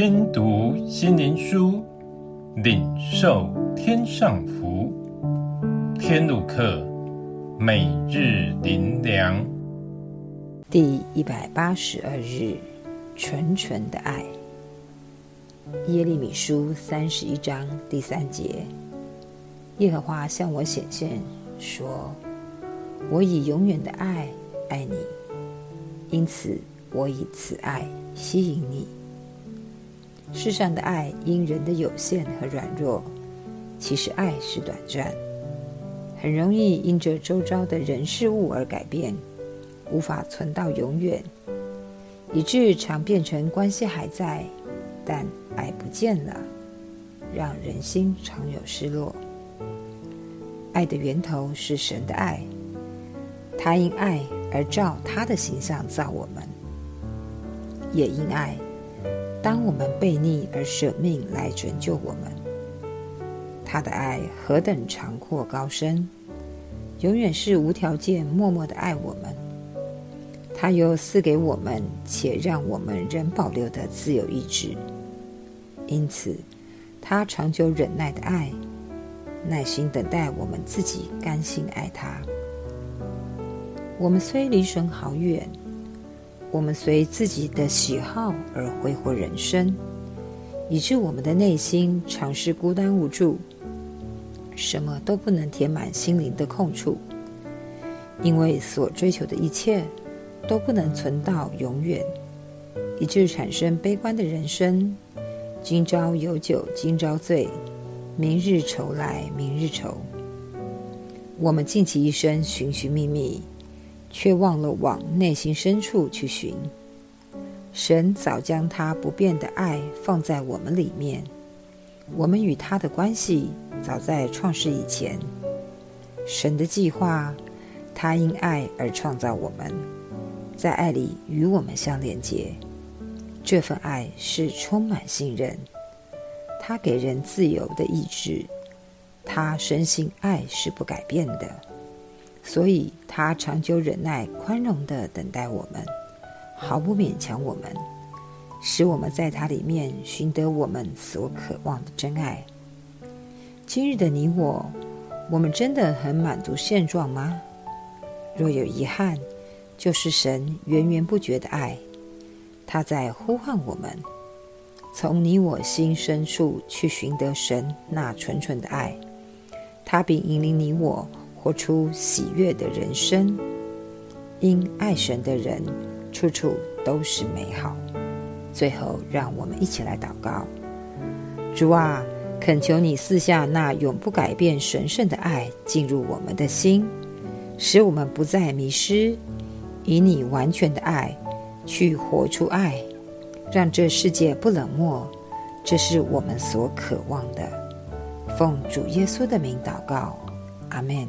聽讀心靈書，領受天上福。天路客，每日靈糧。第一百八十二日，純純的愛。耶利米書三十一章第三節：耶和華向我顯現，說：“我以永遠的愛愛你，因此我以慈愛吸引你。”世上的愛因人的有限和軟弱，其實愛是短暫，很容易因着周遭的人事物而改變，無法存到永遠，以致常變成關係還在，但愛不見了，讓人心常有失落。愛的源頭是神的愛，他因愛而照他的形象造我們，也因愛。當我們悖逆而捨命來拯救我們，他的愛何等長闊高深，永遠是無條件、默默的愛我們。他又賜給我們且讓我們仍保留的自由意志，因此他長久忍耐的愛，耐心等待我們自己甘心愛他。我們雖離神好遠。我們隨自己的喜好而揮霍人生，以致我們的內心常是孤單無助，什麼都不能填滿心靈的空處，因為所追求的一切，都不能存到永遠，以致產生悲觀的人生：今朝有酒今朝醉，明日愁來明日愁。我們盡其一生尋尋覓覓。卻忘了往內心深處去尋。神早將他不變的愛放在我們裡面，我們與他的關係早在創世以前。神的計劃，他因愛而創造我們，在愛裡與我們相連結。這份愛是充滿信任，他給人自由的意志，他深信愛是不改變的。所以，他長久忍耐、寬容的等待我們，毫不勉強我們，使我們在他裡面尋得我們所渴望的真愛。今日的你我，我們真的很滿足現狀嗎？若有遺憾，就是神源源不絕的愛，他在呼喚我們，從你我心深處去尋得神那純純的愛，他必引領你我。活出喜悅的人生，因愛神的人，處處都是美好。最後，讓我們一起來禱告：主啊，懇求你賜下那永不改變、神聖的愛進入我們的心，使我們不再迷失，以你完全的愛去活出愛，讓這世界不冷漠。這是我們所渴望的。奉主耶穌的名禱告，阿門。